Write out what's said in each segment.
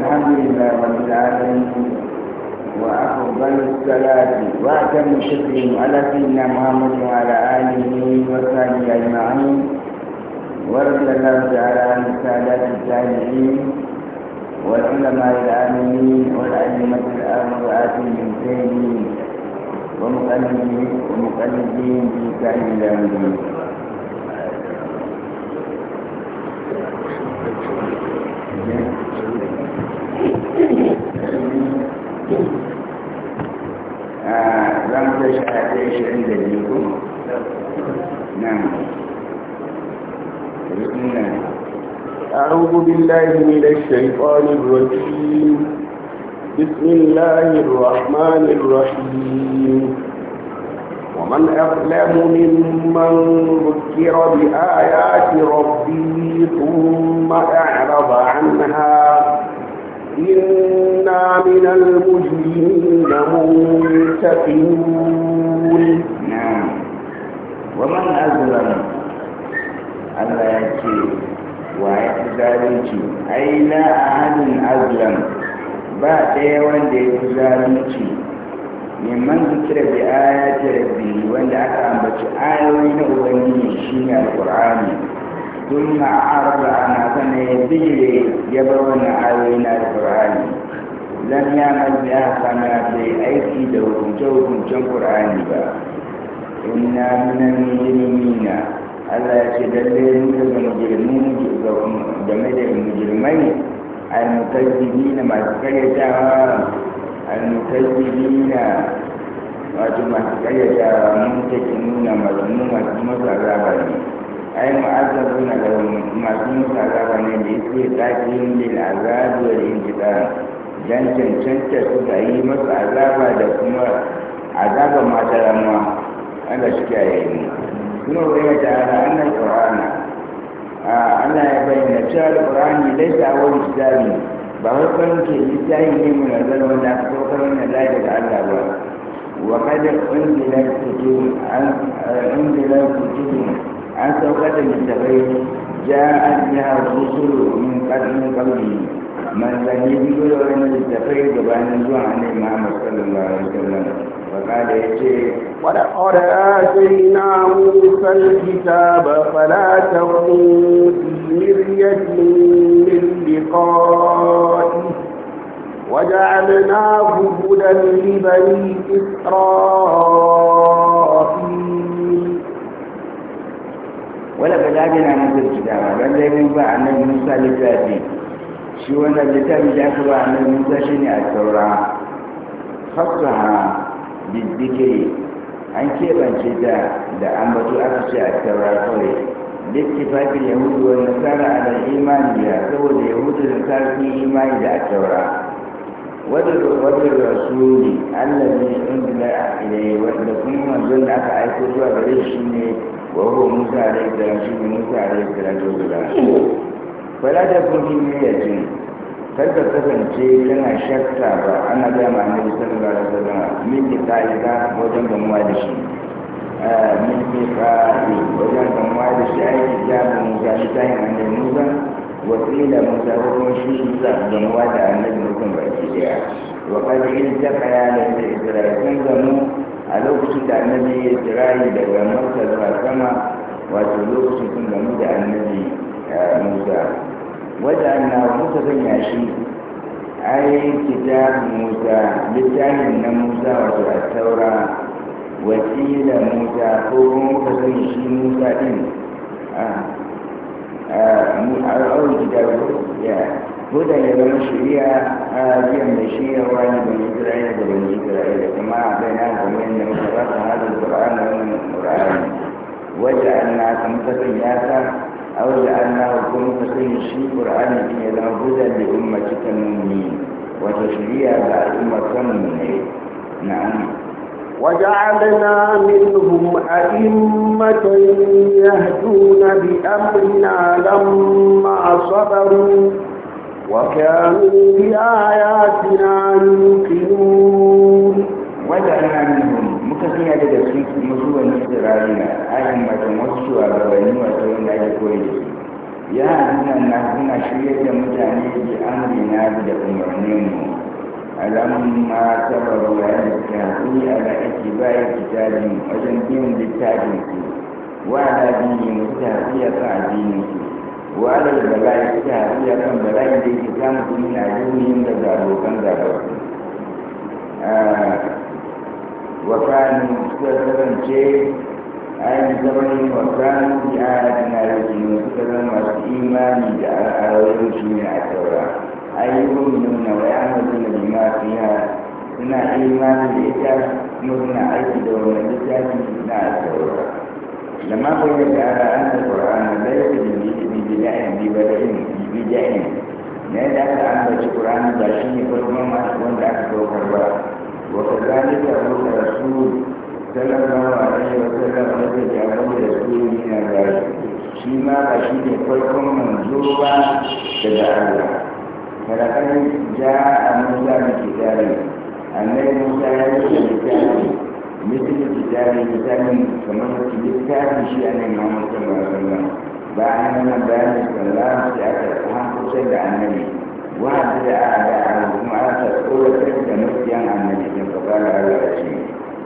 الحمد لله رب العالمين وأفضل الصلاة وأتم الشكر على سيدنا محمد وعلى آله وصحبه أجمعين ورضي الله تعالى عن السادات التابعين والعلماء العاملين والأئمة الأربعة المجتهدين ومقلدين ومقلدين في كامل الأمرين عند نعم بسم الله أعوذ بالله من الشيطان الرجيم بسم الله الرحمن الرحيم ومن أظلم ممن ذكر بآيات ربه ثم أعرض عنها إنا من المؤمنين الصالحين منتقمون نعم ومن أظلم الله يكفي ويحزالك أي لا أحد أظلم بعد يوم يحزالك neman zikira bi ayati rabbi wanda aka ambaci ayoyi na ubangiji shine alqur'ani thumma arada ana sana ya bijire ya bar wannan ayoyi na lam ya mabiya kana bai aiki da hukunce-hukuncen ƙur'ani ba inna mina mujrimina Allah ya ce lalle mu daga mujrimu game da mujrimai al-mukazzibina masu karyatawa al-mukazzibina wato masu karyatawa mun take nuna mazmu masu masa azaba ne ai mu'azzabu na da masu masa azaba ne da yake tsakin lil azabi wal intiqam don cancanta suka yi masa azaba da kuma azaba mata ramuwa Allah shi kiyaye mu kuma bayyana ta'ala annal qur'ana ana ya bayyana cewa dai ta wani kitabi ba wai kan ke ta yi ne mu nazar wanda aka saukar wannan lafiya da Allah ba wa kada ƙungiyar kutubun an unzila kutubun an saukar da littafai ja'a biha rusulu min qabli manzanni bidiyoyin littafai gabanin zuwa annabi Muhammad sallallahu alaihi wasallam فقال ولقد آتينا موسى الكتاب فلا تكن في مرية من لقائه وجعلناه هدى لبني إسرائيل ولقد آتينا موسى الكتاب لم يكن بعد موسى لكاتب shi wannan littafi da aka ba annabi Musa ne a taura fasaha biddike an keɓance ta da ambato aka ce a taura kawai littafin yahudu wa nasara ala imani biya saboda yahudu da nasara sun imani da a taura wadda rasuli allah ne ingila ilai wadda kuma manzon da aka aiko zuwa gare shi ne wa huwa musa alaihi salam shi ne musa alaihi salam wala da kuma niyyacin kar ka kasance kana shakka ba ana da ma san sallallahu da wasallam min ga wajen gamuwa da shi eh, min kitabika wajen gamuwa da shi ai kitabun ga shi tayin annabi ga wasila Musa ko kuma shi gamuwa da annabi Musa baki daya wa qad iltaqa da Isra'il sun mu a lokacin da annabi ya jira ni daga Makka zuwa sama wato lokacin sun mu da annabi eh, Musa wajen na zan sanya shi ai kitabun musa littafin na musa wato a taura wakila musa ko kuma muka shi musa din a rawar kitabu ya huda ya zama shari'a a biyan da shi ya wani bani isra'ila da bani isra'ila kuma a bai na kamar yadda muka ba su hadin qur'an da wannan qur'ani wajen na kamar sanya ta أو لأنه كن فقيه شي قرآن إن يزم لأمة لأمتك المؤمنين وتشريع لأمة المؤمنين نعم وجعلنا منهم أئمة يهدون بأمرنا لما صبروا وكانوا بآياتنا يوقنون وجعلنا منهم مكثية لدى karina ayin mata wasu shugabanni wato wanda ake koyi da su ya nuna na kuna shirya da mutane bi da umarni mu alamun ma sababu ya yadda suke a ala ake bayan kitabin wajen biyan littafin su wa ala dini mutu haƙiya kan addinin su wa da da bala'i ta haƙiya kan bala'i da yake samun su min addinin da abokan gabar su ah, wa kanu suka an zama wa kanu bi ayatina yaqinu suka zama masu imani da al'ayoyin shi ne a taura ayyukan nuna wa ya'maluna bima fiha suna imani da ita kuma suna aiki da wani littafi na a taura لما قلت على أن القرآن ليس ببدع ببدع ببدع na yadda aka ambaci ƙur'ani ba shi ne farkon masu wanda aka saukar ba wa kazalika ruka rasul sallallahu alaihi wa sallam wanda ya da su yana gashi shi ma ba shi ne farkon manzo ba daga Allah farakan ja a musa da kitabi annabi musa ya yi da kitabi misali kitabi misalin kamar littafin shi a nan mamun sallallahu alaihi ba a nan bayanin sallallahu sai aka hankusar da annabi wa'azi da a'ada a kuma aka tsoratar da makiyan annabi da fara da shi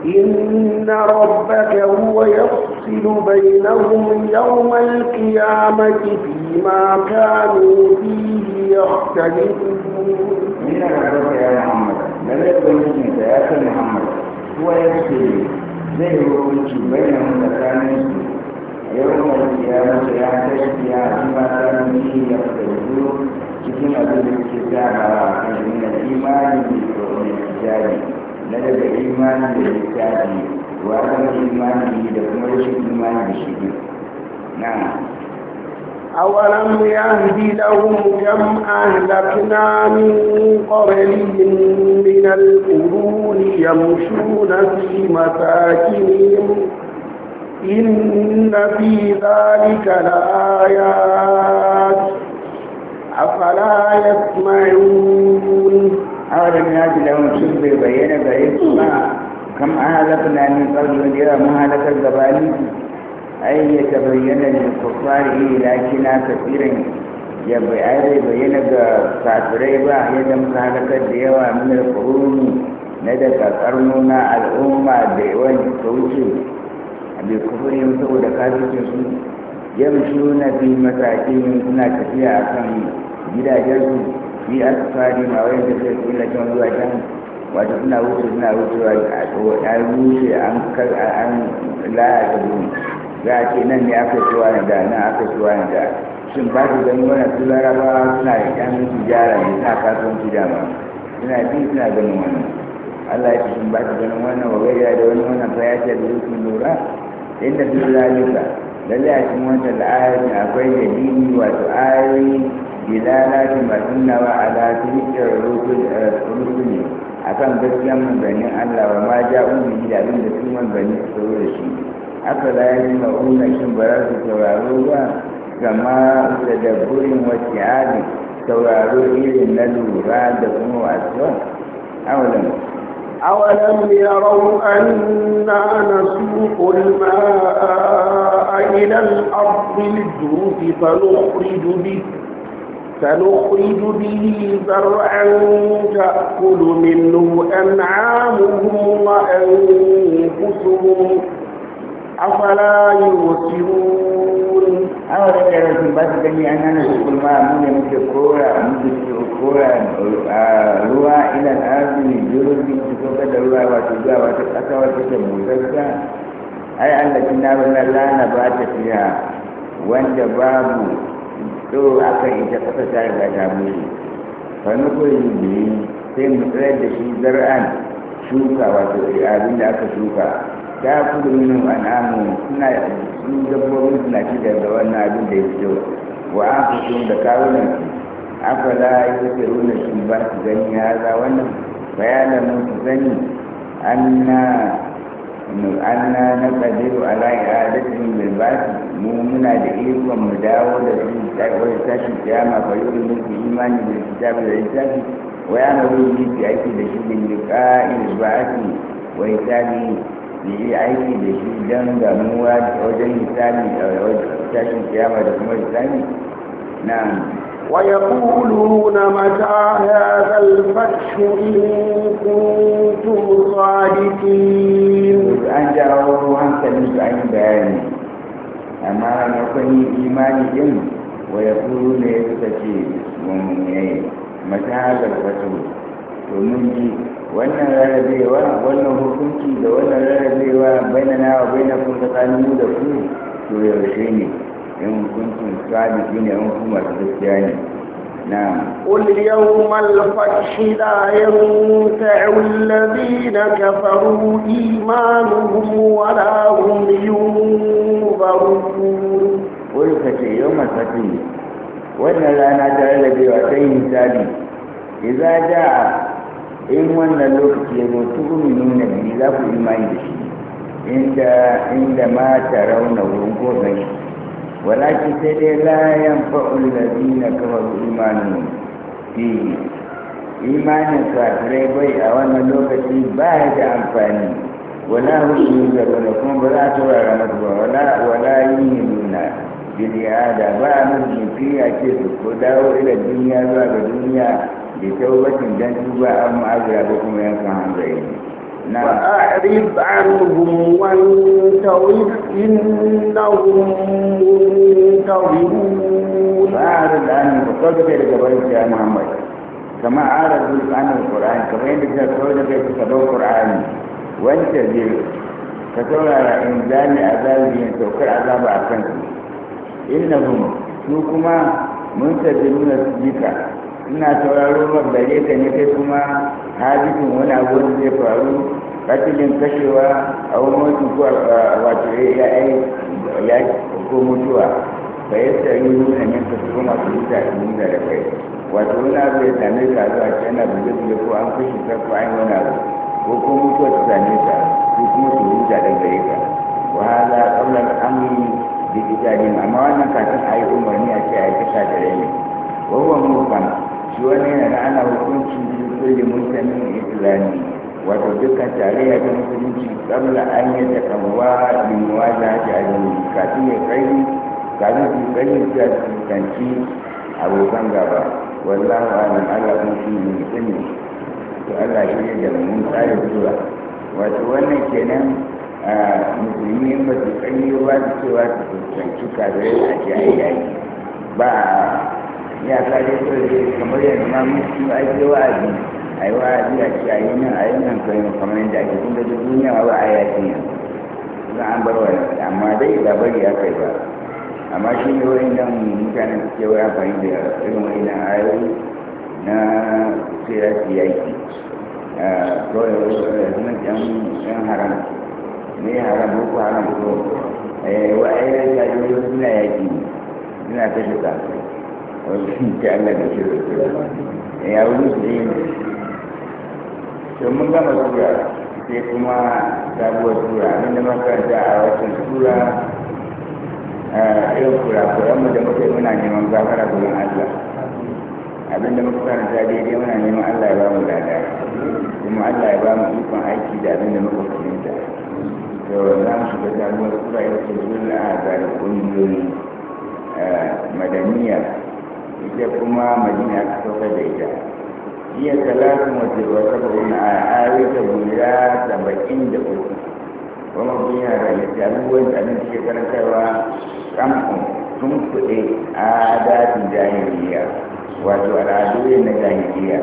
إن ربك هو يفصل بينهم يوم القيامة فيما كانوا فيه يختلفون من ربك يا محمد لم يكن يجب يا محمد هو يفصل زي وكنت بينهم تكانيسهم يوم القيامة يحتج بها فيما كانوا فيه يختلفون cikin abin da suke tsara a kan na نعم. أولم يهد لهم كم أهلكنا من قبلهم من القرون يمشون في مساكنهم إن في ذلك لآيات أفلا يسمعون idan mutum bai bayyana gare su ba kam ahalakna min qablu da yawa mun halakar gabani ai ya tabayyana lil kuffari lakina kafiran ya bai bayyana ga kafirai ba yadda muka halakar da yawa min al na daga karnuna al'umma da yawan ta wuce bi kufurin saboda kafircin su yamshuna fi masakin suna tafiya akan gidajen su ni a tsari ma wayan da zai kula kan zuwa can wato suna wuce suna wucewa a rushe an kar a an ta gurin za a ce nan ne aka ci wani da nan aka ci wani da shin ba su gani wannan su larabawa suna da yan tijara ne suna kasuwanci dama suna bi suna ganin wannan Allah ya ce shin ba su ganin wannan wa gaya da wani wannan fa ya ce da yake lura inda duk zalika lallai a cikin da la'ayar akwai da dini wato ayoyi إذا لازم أن وعلى تلك عروض الرسل أكن بسيا من بني الله وما جاءوا به إلى من بني سرور الشيء أفلا يجمع أن شمبرات توارو كما تدبر واتعاد توارو إلى النذر بعد أمو أولاً أولم يروا أنا نسوق الماء إلى الأرض الجوف فنخرج به سنخرج به زرعا تأكل منه أنعامهم وأنفسهم أفلا يبصرون أو ذكر في بس كني أنا نقول ما من متكورة متكورة روى إلى الأرض الجرد تكوكة روى وتجوى وتكوكة وتكوكة أي أن لا نبات فيها وأنت باب to yi ita kasa ta riga ta bushe fa nukuri biyu sai mu tsare da shi zar'an shuka wato eh, abin da aka shuka ta kudu minu an'amu suna sun dabbobin suna ci daga wannan abin da ya fito wa aka sun da kawunan su aka la yi ta runa shi ba su gani ya za wannan bayanan su sani an na anna na kadiru ala i'adatihim bil ba'th mu muna da ikon mu dawo da su shi tashi ma fa yuri mulki imani da kitabi da littafi wa ya maru yi fi aiki da shi bin in ba'thi wa hisabi yi aiki da shi dan gamuwa wajen hisabi ya ma da kuma hisabi na'am ويقولون متى هذا الفتح إن كنتم صادقين أن جاءوا عن سبيل عن بيان أما نقني إيمان إن ويقولون يستكين ومنعين متى هذا الفتح ومنجي wannan rarrabewa wannan hukunci da wannan rarrabewa bainana wa bainakum tsakaninku da ku to yaushe ne in kuntum sabiqina in kuma gaskiya ne na'am qul yawmal fathi la yanfa'u alladhina kafaru imanuhum wa la hum yunzarun qul kace yawmal fathi wannan rana ta lalabe wa sai misali idza ja'a in wannan lokaci ya zo tu'minu na bi za ku imani da shi inda inda ma tarawna wurin gobe shi ولكن سيدي لا ينفع الذين كفروا إيمانهم فيه إيمان الكافرين بي أولا في باهد أنفاني ولا هم ينزلونكم ولا تورغمتوا ولا ولا يهمنا جدي هذا باع بأمرهم فيها كيف ودعوا إلى الدنيا بعد الدنيا لتوبة جنتوا أم أجرى بكم ينفع عن ذلك فأعرض عنهم وانتظر إنهم منتظرون فأعرض عنهم فقد كده جبريل يا محمد كما أعرض عن القرآن كما يندك تقول كيف تدور القرآن وانتظر فتولى على إنزال عذابهم توكل عذاب أحسنكم إنهم سوكما منتظرون سجيكا إنا تولى ربك بريكا نكتما hadisin wani abu da zai faru katilin kashewa a wani ko wato ya ko mutuwa ba ya sari nuna ne ka su kuma su wuta a cikin da kai wato wani abu ya same ka zuwa ce yana da zai ko an kashe ka ko an wani abu ko ko mutuwa ta same ka su kuma su wuta da gare ka wahala kamar amini da kitabin amma wannan kafin a yi umarni a ce a yi kasa da rai ne wawan mukan shi wani yana ana hukunci kulli musulmin islami wato dukkan tarayya ta musulunci tsamla an yi ta kamuwa limuwa da jari kafin ya kai kafin su kai su ya fuskanci abokan gaba wallahu alam allah kun shi ne sani to allah shi ne da mun tsari zuwa wato wannan kenan musulmi ba su kai ba su cewa su fuskanci kafirai a jihar yaki ba ya ka dai kawai kamar yanzu ma mun su ake wa'azi a yi wa'azi a ci a yi nan a yi nan kawai kamar yadda ake kun gaji duniya ba a yaƙi ne za an bar wa amma dai ba bari ya kai ba amma shi ne wani nan mutanen su ke wa'a amfani da irin wani nan yi na tsira su yaƙi ah, kawai wani eh, yan haram ne haram ko haram eh, ko wa'ayi da ya ji suna yaƙi ne suna kashe kai ta Allah da shi da ya wuri su yi to mun gama tura sai kuma sabuwar tura abin da makaranta a watan tura irin kurakuran mu da muka yi muna neman gafara gurin Allah abin da muka karanta daidai muna neman Allah ya ba mu lada kuma Allah ya ba mu ikon aiki da abin da muka fahimta to za mu shiga sabuwar tura yau ce zuwa a zarar ƙungiyoyi madaniya ita kuma madina aka saukar da ita iya talatin wace wa saboda na ayoyinta guda bakin da uku kuma biya da littafin wani abin da ke karantarwa kamfan sun kuɗe dajin jahiliya wato al'adu ne na jahiliya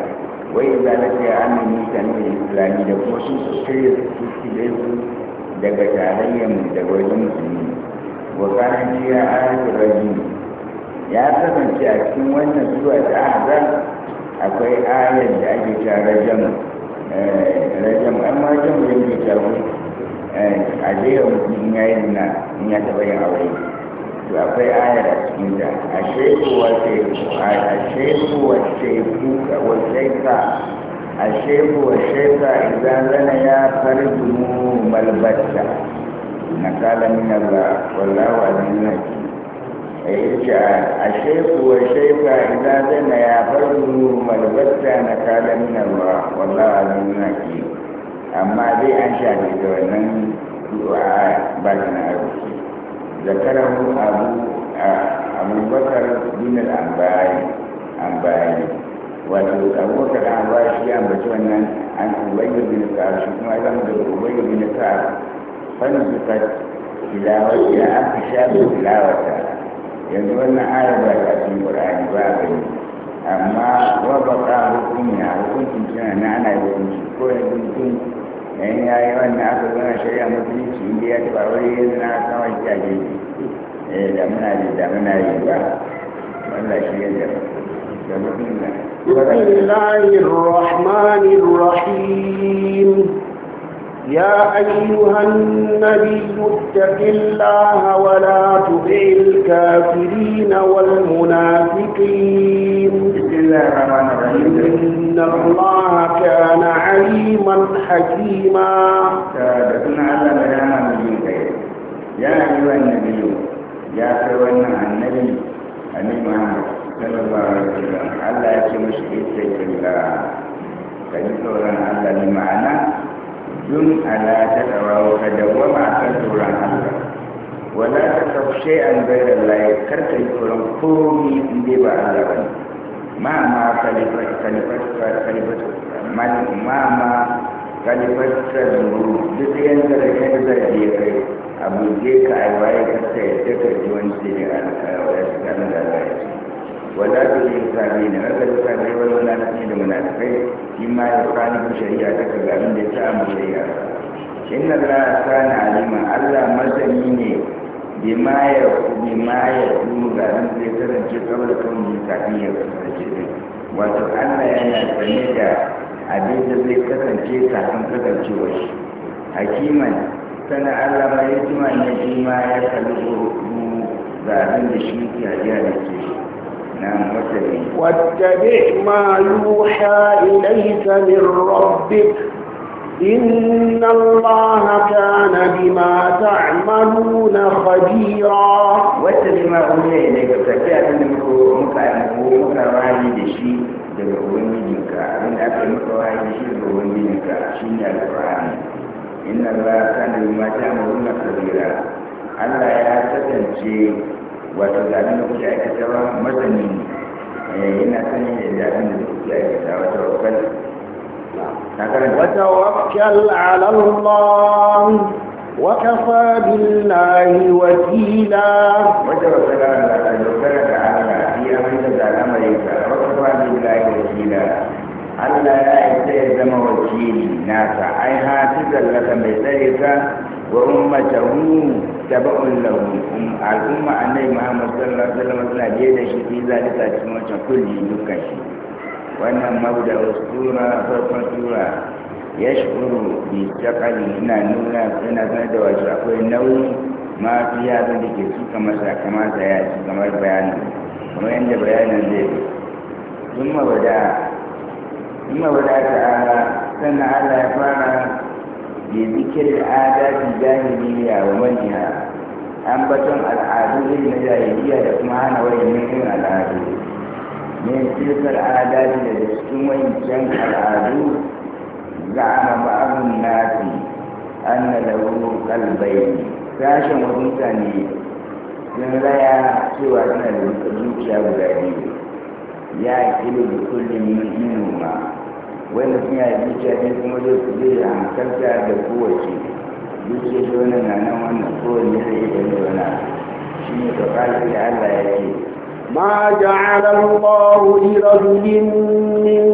wai za ta ce an ne da islami da kuma sun shirya su da su daga tarayyar da wajen musulmi wa kanan jiya ayatul rajin ya kasance a cikin wannan sura ta ahzab akwai ayar da ake ta rajam eh, rajam amma rajam da yake ta eh, a jera mutum ya yi na in ya taɓa yin aure to akwai ayar a cikin ta a shekuwa ce a shekuwa ce kuka wace ka a shekuwa sheka idan zana ya farzu malbatta na kala min Allah wallahu alim hakim yace ashaiku wa shaifa idan zana ya fardu malbatta na kala min Allah wallahi azim naki amma dai an shafe da wannan du'a ba na arziki zakarahu abu abubakar bin al-anbari anbari wato abubakar anbari shi an baci wannan an ubayyu bin ka'ab shi kuma zan da ubayyu bin ka'ab tilawar ya an fi shafe tilawata yanzu wannan ayar ba ta cikin qur'ani ba ka yi amma wa baka hukumiya hukuncin tana na ana yi hukunci ko yanzu mutum yayin ya yi wannan aka zana shari'a musulunci inda ya taɓa wani yanzu na kawai kyage eh da muna yi da muna yi ba wannan shi yadda da mutum na بسم الله الرحمن الرحيم يا أيها النبي اتق الله ولا تطع الكافرين والمنافقين الله إن الله كان عليما حكيما يا أيها النبي يا أيها النبي النبي صلى الله عليه وسلم على يكرمك اتق الله فإن الله معناه dun ala ta tsawa ka dawwama a kan tsoron Allah wala ta kafshe an gairar layi karka yi tsoron komi in dai ba Allah ba ma ma kalifatar ruru duk yan zarafin zarafi ya kai abu je ka aiwaye ka sai ta kaji wani sai da alƙawar ولا بالمكابين هذا الكافر ولا نقيد منافقين فيما يخالف شريعتك بأمن التأمر شريعتك إن الله كان عليما الله مسني بما يكون بما يكون غالب زي kasance kamar kan yi kafin ya kasance din wato Allah yana sanye da abin da zai kasance kafin kasancewa shi hakiman sana Allah ne ma ya kalli ga abin da shi ke da ke shi واتبع ما يوحى إليك من ربك إن الله كان بما تعملون خبيرا واتبع ما أوحي إليك فكان المكروه مكروه لشيء دعوني لك من أكل مكروه إن الله كان بما تعملون خبيرا الله يا تتنجيب wato da abin da kuke aikatawa masani yana sani da abin da kuke aikatawa wato wakal وتوكل على الله وكفى بالله وكيلا وتوكل على الله وكفى تعالى في أمن تعالى مليكا وكفى بالله وكيلا ألا لا يتهزم وكيل ناسا أي هاتف لك بذلك وأمته taba'un lahu al'umma annabi muhammad sallallahu alaihi wasallam suna biye da shi fi zalika cikin wancan kulli dukkan shi wannan mabda usura farkon sura ya shukuru bi shakali yana nuna yana sanar da wasu akwai nauyi ma fi yaran da ke suka masa da ya ci kamar bayanin kuma yadda bayanin zai sun mabada sun mabada ta'ala sannan allah ya fara بذكر العادات الجاهلية ومنها ambaton al'adu irin na jahiliya da kuma hana wayannan irin al'adu min tilkar adadi daga cikin wayancan al'adu za'ama ba'adun nasi anna lahu qalbayni sashen wasu mutane sun raya cewa suna da zuciya guda biyu ya kilu da kullum wanda suna da dukiya ne kuma zai kuɗi da hankalta da kowace dukiya shi wani na nan wannan kowane ya yi da wani shi ne ka ƙarfi da Allah ya ce ما جعل الله لرجل من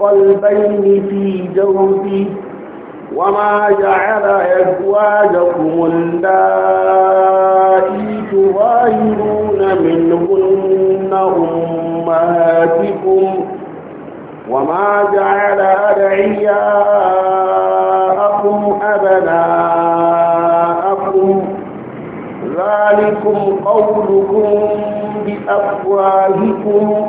قلبين في جوفه وما جعل أزواجكم اللائي تظاهرون منهن أمهاتكم وما جعل أدعياءكم أبناءكم ذلكم قولكم بأفواهكم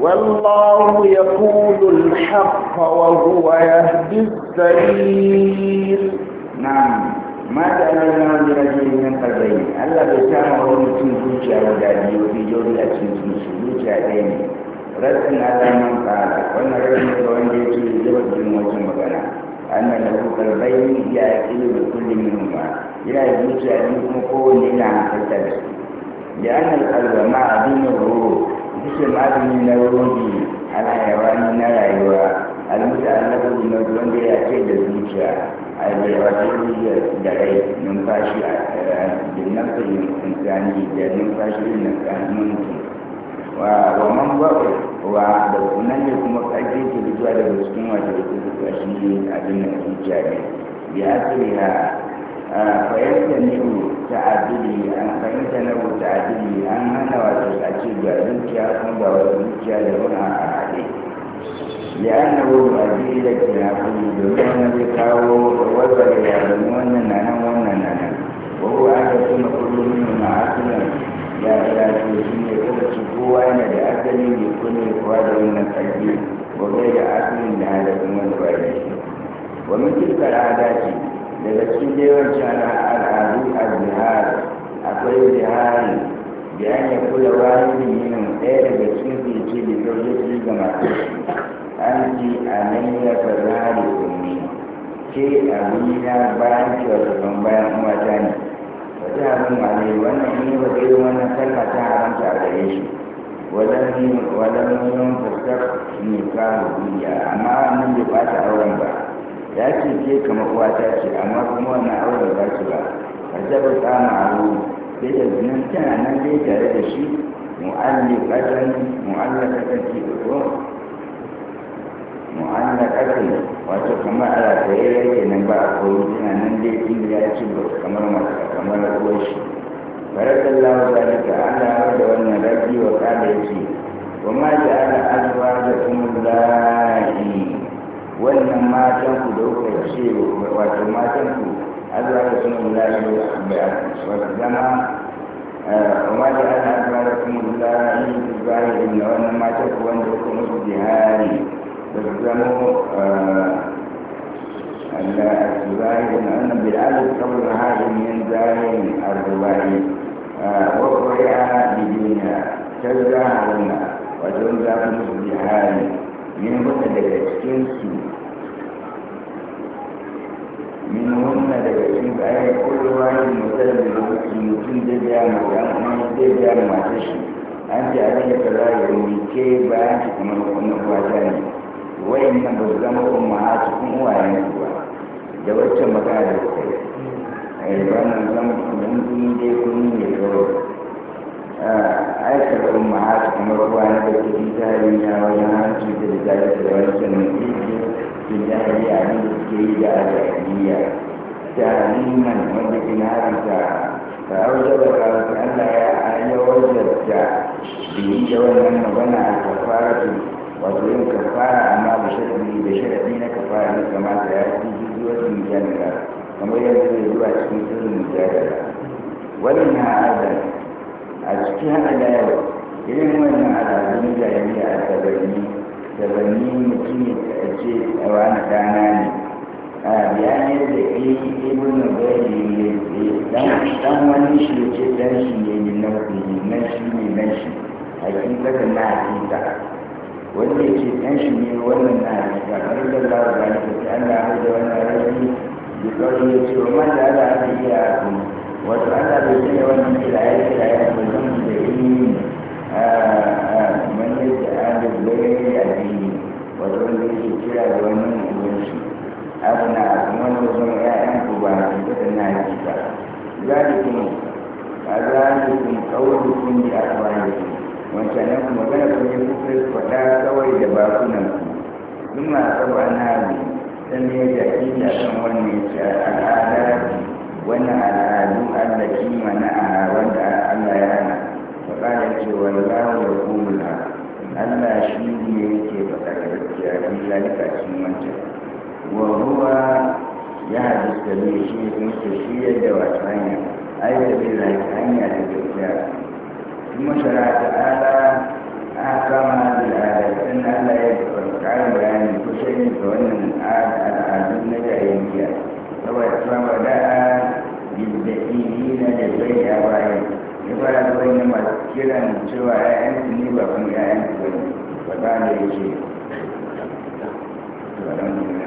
والله يقول الحق وهو يهدي السبيل نعم ما تعلمنا من الذين من قلبين الله بسامه ومتن كل على ودادي وفي جوري أتن كل شيء rashin alaman kala wannan rashin da wanda yake zuba jin wajen magana annan da hukar bayan ya ƙi da kullum yin ba yana zuciya ne kuma kowane yana hankalta da su da annan kalba ma abin da roro duk magani na rori ana yawa ne na rayuwa almuta allafa na wanda ya ce da zuciya a yawa zuciya da rai numfashi a jinnan eh, da insani da numfashi yin insani mutum wa man bakwai wa da wannan ne kuma ƙarfi ke fitowa da cikin wata da ke fitowa shi ne abin da zuciya ne ya asiri ha fahimta ne ku ta'adili an fahimta na ku ta'adili an hana wato a ce ga zuciya kuma ga wata zuciya da wani a haɗe ya ana wani abin da ke na kuli domin wani zai kawo wata da ya zama wannan na nan wannan na nan wa ko aka kuma kullum kuni kuwa da wannan ƙarfi ba da asalin da ya da shi wa mutum kara daga cikin jewar cana al'adu a jihar akwai jihari da ya ne kula wa yin yinin ɗaya daga cikin fice da sauƙi ga masu shi an ji a nan ya fara da kuma ke abuna bayan cewa su bayan mata ne wata abin ma ne wannan yi ba zai wani sarka ta haramta a gare shi wadan yin fuskar nikahu biya amma nan bai bata auren ba ya ce ke kama uwata ce amma kuma wannan auren ba ce ba a jaba tsama a ruwa sai da zinin tana nan dai tare da shi mu'allakatan mu'allakatan ke ko mu'allakatan wato kamar ala tsaye yake nan ba a koyi tana nan dai inda ya ci ce kamar mata kamar uwar shi barakallahu zalika Allah ya da wannan ta'ala ce wa ma ja'ala azwajakum allati wannan matan ku da kuka ce wato matan ku azwajakum allati wa zama wa ja'ala azwajakum allati tuzahirin wannan matan ku wanda kuka musu jihari da su zamo الزاهد أن بالألف قبل هذا من زاهد الرباعي وقرئ بدونها ta zaharuna za ku musu jihari min wata daga cikinsu min wata daga cikin ayi kowa ne mutum da mutum mutum da ya mutum an zai ya mata shi an ce an yi kaza ya rike ba an ci kamar wannan kwata ne wayan nan ba su zama ma a cikin uwayen su ba da wacce magana da a yi ba nan zama kuma kun dai yi ne kawai aikar ummahat kamar wani da ke jariya wani hanci da da zai da wani sanin kirki ke jariya abin da suke yi da al'adiyya jariman wanda ke na haramta ka auja da karatu allah ya ayyar wajarta da yi da wannan magana a kafaratu wato yin kafara amma da sharaɗi da sharaɗi na kafara ne kamata ya fi jijiyar mujallala kamar yadda zai zuwa cikin sirrin mujallala wannan na adam a cikin haka da yau irin wannan al'adun jahiliya a tabanni tabanni mutum ya ce a wani ɗana ne a bayanin da eh, ibn bayani ya ce dan wani shi ya ce dan shi ne ne na kuɗi na shi ne na shi a cikin kasa na hakika wanda ya ce dan shi ne wannan na hakika kamar da za ku gani ko sai Allah ya da wannan rashi da kawai ya ce wa ma da Allah ya iya hakuri wato Allah bai sanya wannan filaye filaye ba don da yi manyan da an da zai da addini wato wanda yake kira da wannan ubanci abu na kuma wanda zama ya'yan ku ba na tafi na hakika zalikum zalikum qawlukum bi afwahikum wancan nan kuma gana kun yi kuka faɗa kawai da bakunan ku sun ma saba na bi sannan ya jaki da kan wannan al'ada wannan al'adu Allah shi mana a wanda Allah ya hana fa qala ce wallahu yaqumul haq Allah shi ne yake faɗa gaskiya fi zalika cikin wancan wa huwa ya hadisa ne shi ne shi yadda wata hanya ayyar da zai hanya da gaskiya ثم شرع تعالى أحكام هذه الآية أن لا يذكر تعالى بيان كل شيء فإن الآية الآية النجاحية سواء سواء بدأ na da bai ya bayan ya fara bayan masu kiran cewa ‘ya'yansu ne ba kuma ‘ya'yansu ba ne ba ta da yake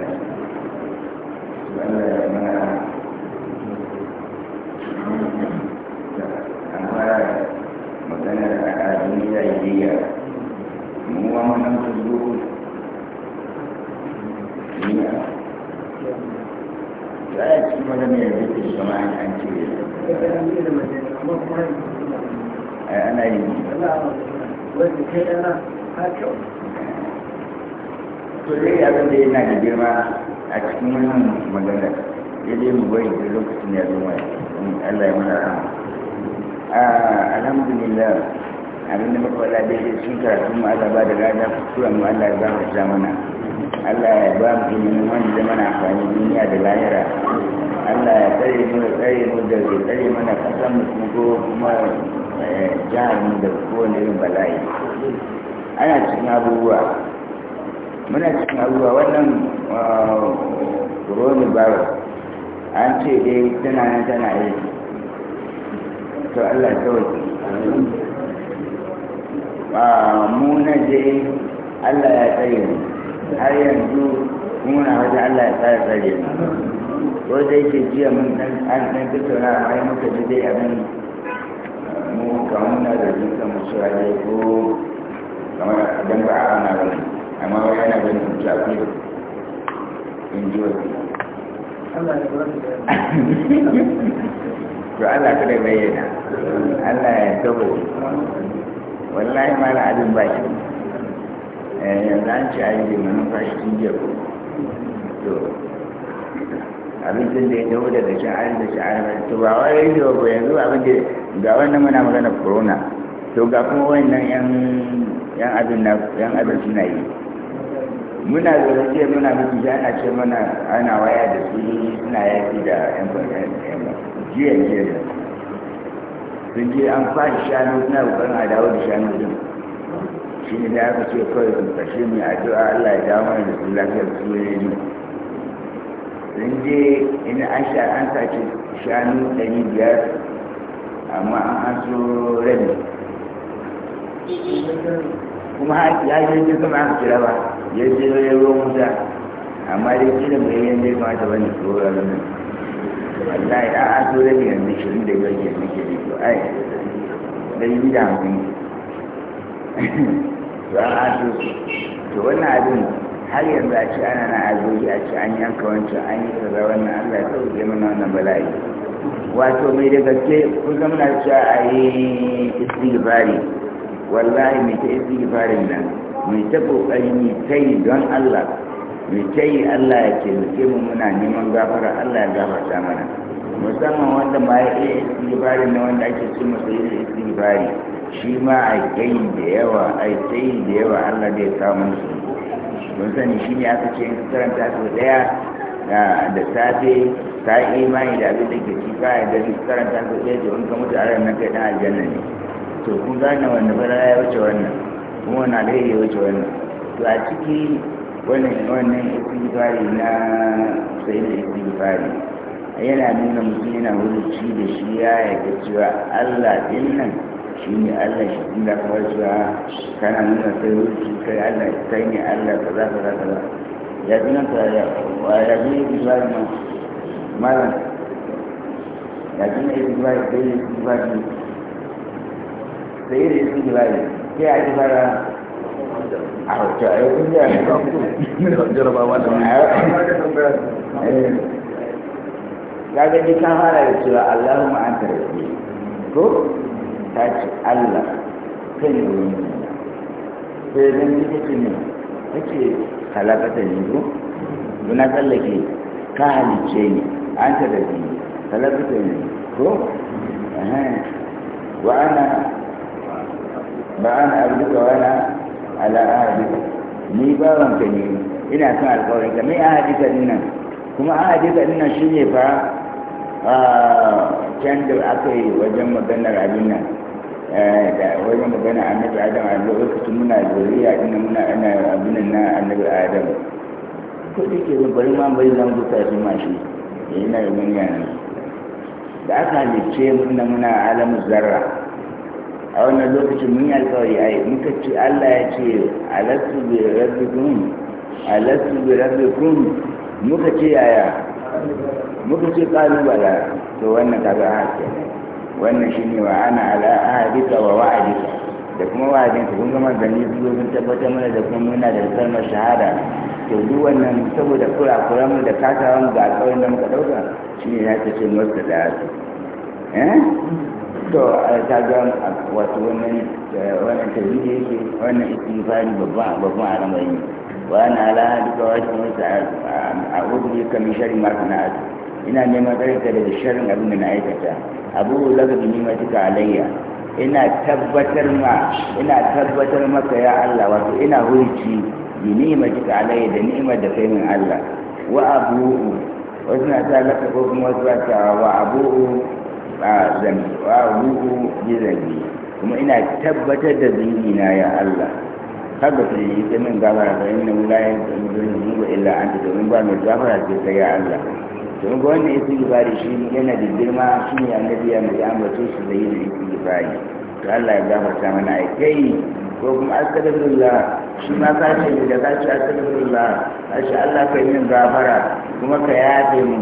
kuskuren mu Allah ya ba mu zamana Allah ya ba mu ilimin wani zama na amfani duniya da lahira Allah ya tsare mu da tsare mu da tsare mana kasan mu kuma kuma eh, jihar mu da kowane irin bala'i ana cikin abubuwa muna cikin abubuwa wannan eh, coronavirus an ce dai tana nan tana yi to Allah ya kawai ah, mu na je Allah ya tsare mu har yanzu muna wajen Allah ya tsare tsare mu ko da yake jiya mun dan an dan tattauna amma yi muka ji dai abin mu kamar muna da jinka mu cewa dai ko kamar idan ba a ana ba amma wai yana da mutu akwai in ji wasu to Allah kada bayyana Allah ya gaba wallahi mala abin baki Eh, yanzu an yi ayi limanin fashi jiya ko to abincin da ya dawo daga sha'ar da sha'ar mai to ba wai yanzu ba yanzu abin da ga wannan muna magana corona to ga kuma wannan yan abin na yan abin suna yi muna zaune ce muna miki ya ana ce mana ana waya da su suna yaki da yan kwanyan jiya jiya sun je an fashi shanu suna kokarin a dawo da shanu din shi ne da aka ce kawai su kashe mai addu'a Allah ya dawo mana da su lafiyar su ne ni. sun je ina an sha an sace shanu ɗari biyar amma an an so rabi kuma ya yi jirgin kuma aka kira ba ya je ya ruwan wuta amma dai kira mai yin dai ma da wani tsoron nan wallahi an an so rabi yanzu shirin da yau ke nake da to ai ɗari da hamsin ran adoji to wannan abin har yanzu a ce ana na adoji a ci an yanka wancan an yi kaza wannan allah ta wuce mana wannan bala'i wato mai da gaske kun zama na cewa a yi istighfari wallahi mai ta istighfarin nan mai ta kokari mai ta yi don allah mai ta yi allah ya taimake mu muna neman gafara allah ya gafarta mana musamman wanda ma ya iya istighfari na wanda ake ce masa yin istighfari shi ma a kai da yawa a tsayi da yawa allah zai samu su don sani shi ne aka ce karanta su daya da safe ta yi imani da abin da ke ci ka yi da karanta su daya da in mutu a ran na kai dan aljanna ne to kun gane wanda fara ya wuce wannan kuma wani alheri ya wuce wannan to a ciki wannan wannan istighfari na sai da istighfari yana nuna mutum yana wuce da shi ya yarda cewa allah din nan shi ne allah shi inda kawai cewa kana nuna kai wuce kai allah kai ne allah ka za ka za ka za ya fi nan ta ya ya fi yi ibari ma mara ya fi na ibari kai yi ibari sai yi su ibari sai a yi fara a hoto a yi kun ji a yau jarabawa da wani ya gani kan fara da cewa allahumma an tarafi ko ta ce Allah kan yi wani sai ran ji kake ne kake halakata ne ko duna tsallake ka halice ne an ta da biyu halakata ne ko wa ana ba ana abduka wa ana ala ahadi ni ka ne ina son alƙawarin ka mai ahadika nan kuma ahadika nan shi ne fa ah, can da aka yi wajen maganar abin nan Eh, da wani magana annabi adam a lokacin muna zuriya inda muna ana abin na annabi adam ko da ke bari ma bai zan buka shi ma shi yana da wani yana da aka halicce muna muna alamu zarra a wannan lokacin mun yi alkawari ai muka ce Allah ya ce alastu bi rabbikum alastu bi rabbikum muka ce yaya muka ce kalubala to wannan kaga haka wannan shi ne wa ana ala ahadika wa wa'adika da kuma wa'adin wa'adinka kun gama gani biyu sun tabbatar mana da kuma muna da kalmar shahada to duk wannan saboda kurakuran da katawan ga alƙawarin da muka dauka shi ne na ce masa da haka to ta ga wato wannan wannan tarihi yake wannan istighfari babban babban al'amari wa ana ala ahadika wa wa'adika a udu kamishari masu sharri ma ina neman tsarka daga sharrin abin da na aikata abu lagabi ni matuka alayya ina tabbatar ma ina tabbatar maka ya Allah wato ina hurci bi ni'matika alayya da nima da kai min Allah wa abu wasu na ta laka ko kuma wasu ba ta wa abu a zambi wa abu bi zambi kuma ina tabbatar da zunubi na ya Allah kaga su yi ta min gafara fa inna la yanzu illa ta domin ba mai gafara sai ya Allah domin ga wanda ya fi bari shi yana da girma shi ne annabi ya mai ambato shi da yin yi bari to Allah ya gafarta mana a kai ko kuma astaghfirullah shi ma ka ce da ka ce astaghfirullah ashe Allah kai min gafara kuma ka yafe mu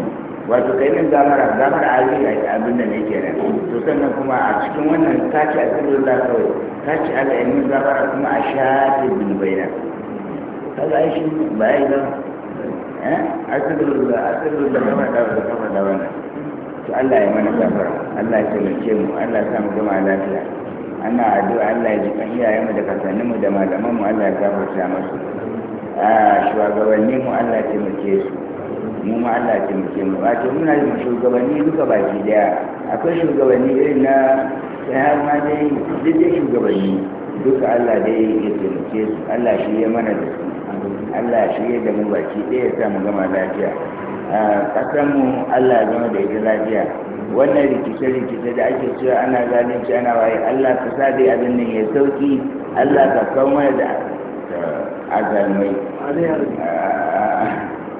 wato kai min gafara gafara a yi abin da ne kenan to sannan kuma a cikin wannan ka ce astaghfirullah kawai ka ce Allah ya min gafara kuma a shafe bin bayyana kaga shi ba ya asirin da asirin da kama da wanda kama da wannan to Allah ya mana gafara Allah ya taimake mu Allah ya sa mu gama lafiya ana addu'a Allah ya ji kan mu da mu da malaman mu Allah ya gafarta musu a mu Allah ya taimake su mu ma Allah ya taimake mu wato muna yin shugabanni duka baki daya akwai shugabanni irin na sai har ma dai duk shugabanni duka Allah dai ya taimake su Allah shi ya mana da su Allah shi ya mu baki ɗaya ya mu gama lafiya a mu Allah zama da ita lafiya wannan rikice-rikice da ake cewa ana zalunci ana waye Allah ka sa dai abin nan ya sauki Allah ka kawo da azalmai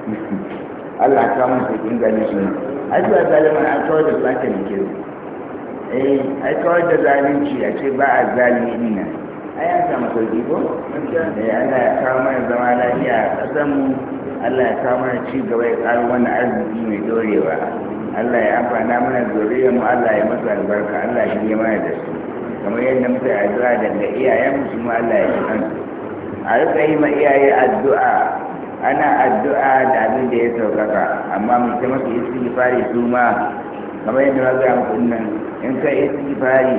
Allah ka mun sauƙin shi ai ba zaliman an kawo da zaka ne ke eh ai kawo da zalunci a ce ba a zalimi nan ai an samu sauki ko eh Allah ya kawo mana zama lafiya a ƙasar mu Allah ya kawo mana ci gaba ya ƙaro mana arziki mai dorewa Allah ya amfana mana zuriyar mu Allah ya masa albarka Allah ya yi mana da su kamar yadda muka yi addu'a daga iyayen mu kuma Allah ya ji kansu a rika yi ma iyaye addu'a ana addu'a da abin da ya saukaka amma mu ce masa istighfari su ma kamar yadda na ga mu nan in ka istighfari